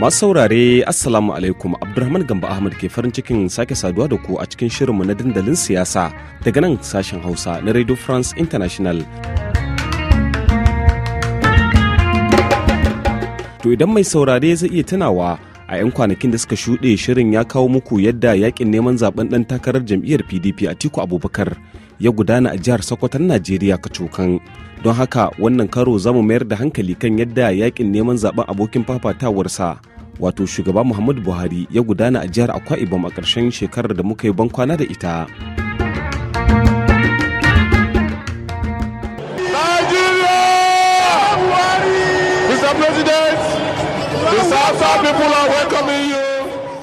Masu saurare Assalamu alaikum Abdulrahman Gamba Ahmad ke farin cikin sake saduwa da ku a cikin shirinmu na dandalin siyasa daga nan sashen Hausa na Radio France International. To idan mai saurare zai iya tunawa a 'yan kwanakin da suka shuɗe shirin ya kawo muku yadda yakin neman zaben ɗan takarar jam'iyyar PDP a Tiku Abubakar ya gudana a jihar Sokoton Najeriya kacokan. Don haka wannan karo zamu mayar da hankali kan yadda yakin neman zaben abokin fafatawarsa wato shugaba muhammadu buhari ya gudana a jihar akwa ibom a ƙarshen shekarar da muka yi bankwana da ita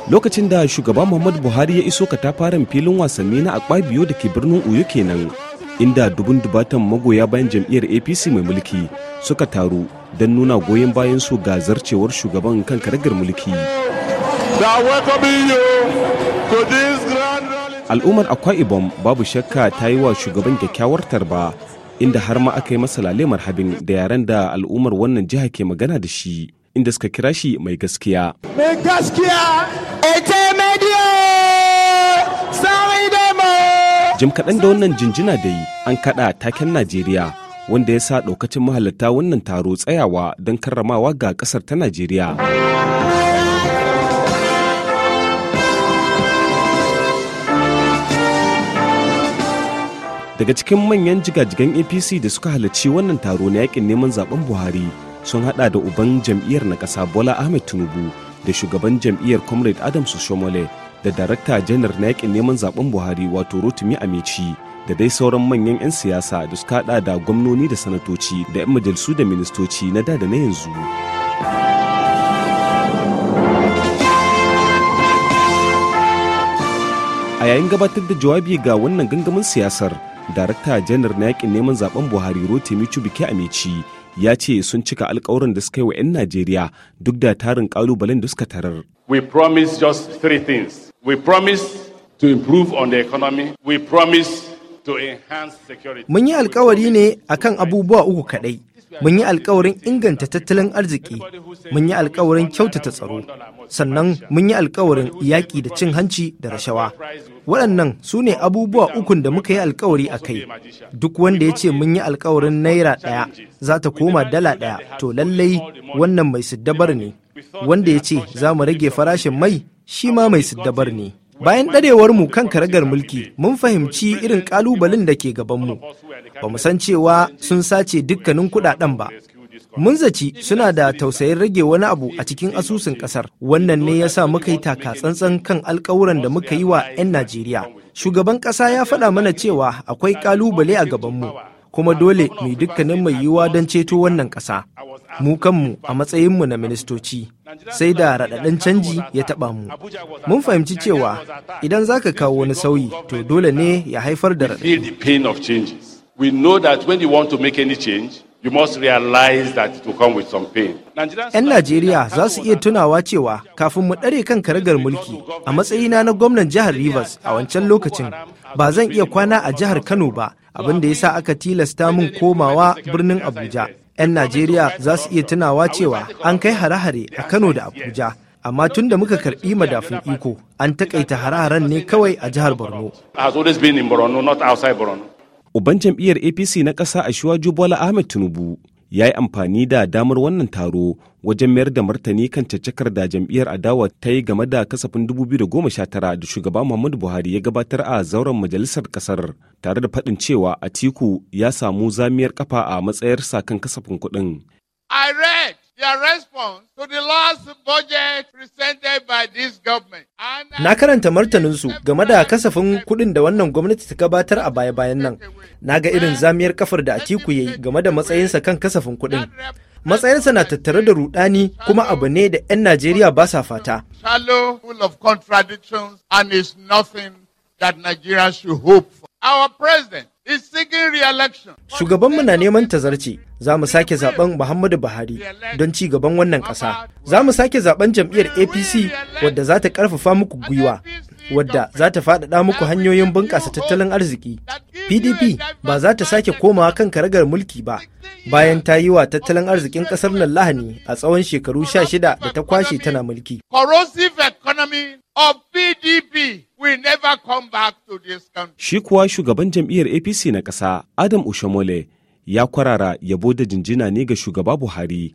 lokacin da shugaba muhammadu buhari ya iso katafaren filin wasanni na akwai biyu da ke birnin uyu kenan inda dubun dubatan magoya bayan jam'iyyar apc mai mulki suka taru don nuna goyon bayan su ga zarcewar shugaban kan karagar mulki al'ummar akwa ibom babu shakka ta yi wa shugaban kyakkyawar tarba inda har ma aka yi masa lalemar habin da yaren da al'ummar wannan jiha ke magana da shi inda suka kira shi mai gaskiya mai gaskiya jim kaɗan da wannan jinjina da yi an kaɗa taken najeriya wanda ya sa ɗaukacin mahalarta wannan taro tsayawa don karramawa ga ƙasar ta najeriya daga cikin manyan jigajigan apc da suka halarci wannan taro na yakin neman zaben buhari sun hada da uban jam'iyyar na ƙasa bola ahmed tinubu da shugaban jam'iyyar comrade adams shomole da darakta janar na yakin neman zaben buhari wato rotimi amici da dai sauran manyan 'yan siyasa da suka hada da gwamnoni da sanatoci da 'yan majalisu da ministoci na da da na yanzu a yayin gabatar da jawabi ga wannan gangamin siyasar darakta janar na yakin neman zaben buhari rotimi cubike amici ya ce sun cika alkawarin da suka yi wa 'yan najeriya duk da tarin kalubalen da suka tarar we promise just three things We promise to improve on the economy. We promise to enhance security. Mun yi alkawari ne akan abubuwa uku kaɗai. Mun yi alkawarin inganta tattalin arziki, mun yi alkawarin kyautata tsaro, sannan mun yi alkawarin yaƙi da cin hanci da rashawa. Waɗannan su ne abubuwa ukun da muka yi alkawari a kai. Duk wanda ya ce mun yi alkawarin naira ɗaya za ta koma dala ɗaya, to lallai wannan mai siddabar ne. Wanda ya ce za mu rage farashin mai shi ma mai siddabar ne. Bayan mu kan karagar mulki, mun fahimci irin ƙalubalen da ke gabanmu. Ba mu san cewa sun sace dukkanin kuɗaɗen ba. Mun zaci suna da tausayin rage wani abu a cikin asusun ƙasar. Wannan ne ya sa muka yi takatsantsan kan alkawuran da muka yi wa 'yan Najeriya. Shugaban ƙasa ya faɗa mana cewa akwai ƙalubale a gabanmu. kuma dole mu dukkanin mai yiwuwa don ceto wannan ƙasa. Mu kanmu a matsayinmu na ministoci, sai da raɗaɗin canji ya taɓa mu. Mun fahimci cewa idan za ka kawo wani sauyi, to dole ne ya haifar da raɗaɗi. you must realize that it will come 'Yan Najeriya za su iya tunawa cewa kafin mu ɗare kan karagar mulki a matsayina na gwamnan jihar Rivers a wancan lokacin ba zan iya kwana a jihar Kano ba abin da ya sa aka tilasta min komawa birnin Abuja. 'Yan Najeriya za su iya tunawa cewa an kai hare-hare a Kano da Abuja. Amma tun da muka karbi madafin iko, an takaita hare-haren ne kawai a jihar Borno. Uban jam'iyyar APC na ƙasa a Bola Ahmed Tinubu ya yi amfani da damar wannan taro wajen mayar da martani kan caccakar da jam'iyyar adawa ta yi game da kasafin 2019 da shugaba muhammadu buhari ya gabatar a zauren majalisar kasar tare da faɗin cewa atiku ya samu zamiyar kafa a matsayar sakan kasafin kuɗin i read Na karanta martaninsu game da kasafin kuɗin da wannan gwamnati ta gabatar a baya-bayan nan. Na ga irin zamiyar kafar da Atiku ya yi game da matsayinsa kan kasafin kuɗin. Matsayinsa na tattare da rudani kuma abu ne da 'yan Najeriya ba sa fata. Our president Shugabanmu na neman tazarci za mu sake zaben Muhammadu Buhari don ci gaban wannan ƙasa. Za mu sake zaben jam'iyyar APC wadda za ta ƙarfafa muku gwiwa, wadda za ta faɗaɗa muku hanyoyin bunƙasa tattalin arziki. PDP ba za ta sake komawa kan karagar mulki ba, bayan ta yi wa tattalin arzikin ƙasar nan lahani a tsawon shekaru sha shida da ta kwashe tana mulki. Corrosive economy of PDP. we never back Shi kuwa shugaban jam'iyyar APC na ƙasa Adam Ushomole ya kwarara yabo da jinjina ne ga shugaba Buhari.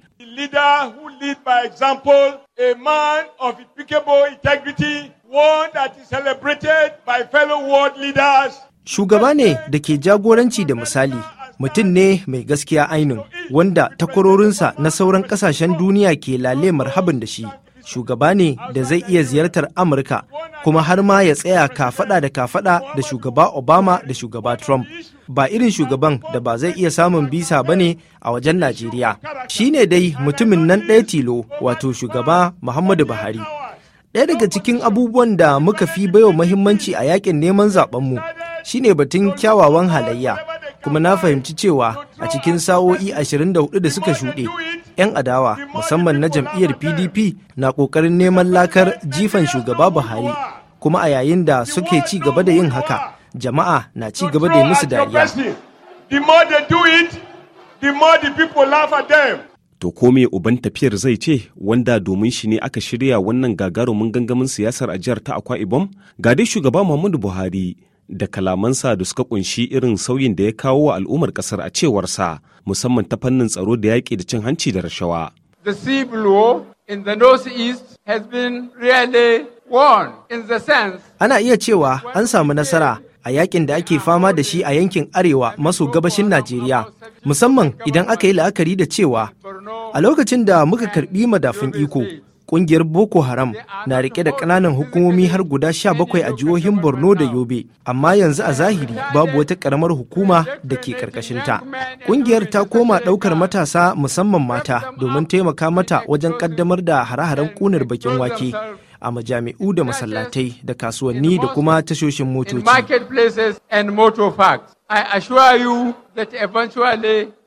A man of impeccable integrity, one that is celebrated by fellow world leaders. Shugaba ne da ke jagoranci da misali, mutum ne mai gaskiya ainun, wanda takwarorinsa na sauran kasashen duniya ke lale marhaban da shi. Shugaba ne da zai iya ziyartar Amurka kuma har ma ya tsaya kafada da kafada da shugaba obama da shugaba trump ba irin shugaban da ba zai iya samun bisa ba ne a wajen najeriya Shi ne dai mutumin nan ɗaya tilo wato shugaba muhammadu buhari ɗaya daga cikin abubuwan da muka fi baiwa muhimmanci a yakin neman zaɓenmu shine batun kyawawan halayya kuma na fahimci cewa a cikin sa'o'i 24 da suka shuɗe 'yan adawa musamman na jam'iyyar pdp na ƙoƙarin neman lakar jifan shugaba buhari kuma a yayin da suke ci gaba da yin haka jama'a na ci gaba da musu dariya to ko me uban tafiyar zai ce wanda domin shi ne aka shirya wannan gagarumin gangamin siyasar a jihar ta akwa ibom ga dai shugaba muhammadu buhari da kalamansa da suka kunshi irin sauyin da ya kawo wa al'ummar kasar a cewarsa musamman ta fannin tsaro da yaƙi da cin hanci da rashawa. The civil war in the northeast has been really won in the sense Ana iya cewa an samu nasara a yakin da ake fama da shi a yankin arewa maso gabashin Najeriya musamman idan aka yi la'akari da cewa a lokacin da muka karbi madafin iko Kungiyar Boko Haram na rike da ƙananan hukumomi har guda sha bakwai a jihohin Borno da Yobe, amma yanzu a zahiri babu wata ƙaramar hukuma da ke karkashinta Kungiyar ta koma ɗaukar matasa musamman mata domin taimaka mata wajen ƙaddamar da hare-haren kunar bakin wake a majami'u da masallatai da kasuwanni da kuma tashoshin motoci.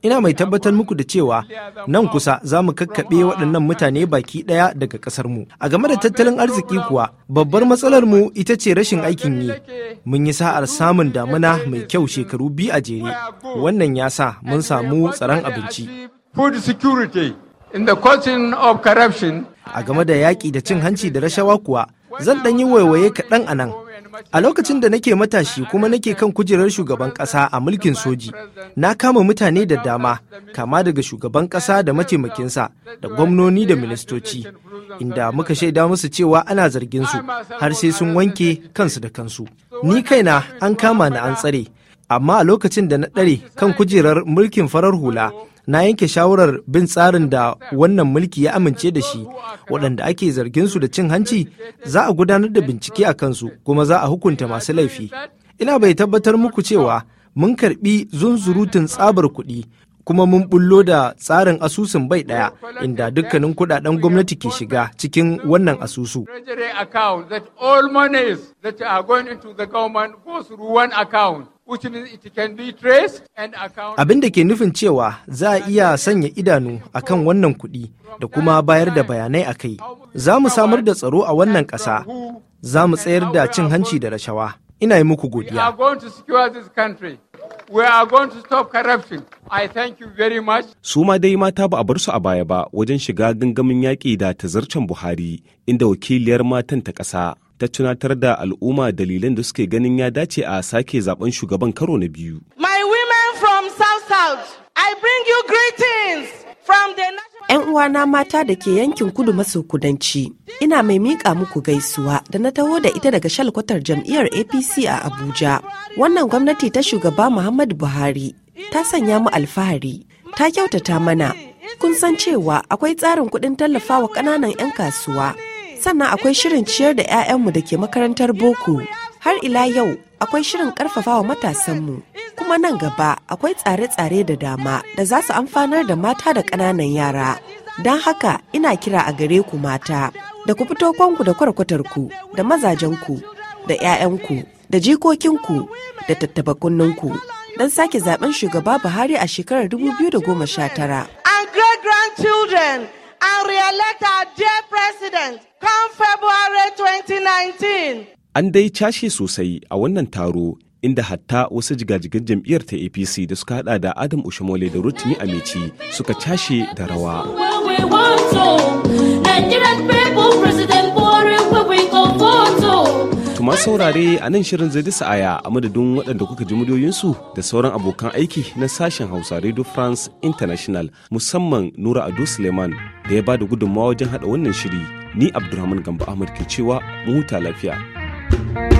Ina mai tabbatar muku da cewa nan kusa za mu kakkaɓe waɗannan mutane baki ɗaya daga ƙasarmu. A game da tattalin arziki kuwa, babbar matsalar mu ita ce rashin aikin yi. Mun yi sa'ar samun damuna mai kyau shekaru biyu a jere. Wannan ya sa mun samu tsaron abinci. Food security in the question of corruption a game da yaƙi da cin hanci da rashawa kuwa zan ɗan yi waiwaye kaɗan a nan a lokacin da nake matashi kuma nake kan kujerar shugaban ƙasa a mulkin soji na kama mutane da dama kama daga shugaban ƙasa da mataimakinsa da gwamnoni da ministoci inda muka shaida musu cewa ana zargin su har sai sun wanke kansu da kansu ni kaina an kama ni an tsare amma a lokacin da na ɗare kan kujerar mulkin farar hula na yanke shawarar bin tsarin da wannan mulki ya amince da shi waɗanda ake zargin su da cin hanci za a gudanar da bincike a kansu kuma za a hukunta masu laifi ina bai tabbatar muku cewa mun karbi zunzurutun tsabar kuɗi kuma mun bullo da tsarin asusun bai ɗaya inda dukkanin kudaden gwamnati ke shiga cikin wannan asusu. Abin da ke nufin cewa za a iya sanya idanu a kan wannan kuɗi da kuma bayar da bayanai a kai. Za mu samar da tsaro a wannan ƙasa, za mu tsayar da cin hanci da rashawa. Ina yi muku godiya. We are going to stop corruption. I thank you very much. Su ma dai mata ba a bar su a baya ba wajen shiga gangamin yaƙi da tazarcen Buhari inda wakiliyar matan ta ƙasa ta tunatar da al'umma dalilan da suke ganin ya dace a sake zaben shugaban karo na biyu. My women from South South, I bring you greetings from the 'yan uwana mata da ke yankin kudu maso kudanci ina mai miƙa muku gaisuwa da na taho da ita daga shalkwatar jam'iyyar apc a abuja wannan gwamnati ta shugaba muhammadu buhari ta sanya mu alfahari ta kyautata mana kun san cewa akwai tsarin kuɗin tallafawa ƙananan 'yan kasuwa sannan akwai shirin ciyar da 'ya'yanmu da ke makarantar boko har ila yau akwai shirin karfafawa matasanmu kuma nan gaba akwai tsare-tsare da dama da za su amfanar da mata da ƙananan yara don haka ina kira a gare ku mata da ku fito kwanku da kwarkwatarku da mazajenku da 'ya'yanku da jikokinku da tattabakunninku don sake zaben shugaba buhari a shekarar 2019 and re-elect our dear president come February 2019. An dai cashe sosai a wannan taro inda hatta wasu jigajigan jam'iyyar ta APC da suka hada da Adam Ushimole da Rotimi Amici suka cashe da rawa. kuma saurare a nan shirin zai disa aya a madadin waɗanda kuka ji muryoyinsu da sauran abokan aiki na sashen Hausa Radio France International musamman Nura Ado Suleiman da ya ba da gudunmawa wajen haɗa wannan shiri ni Abdulrahman Gamba Ahmad ke cewa mu lafiya. thank you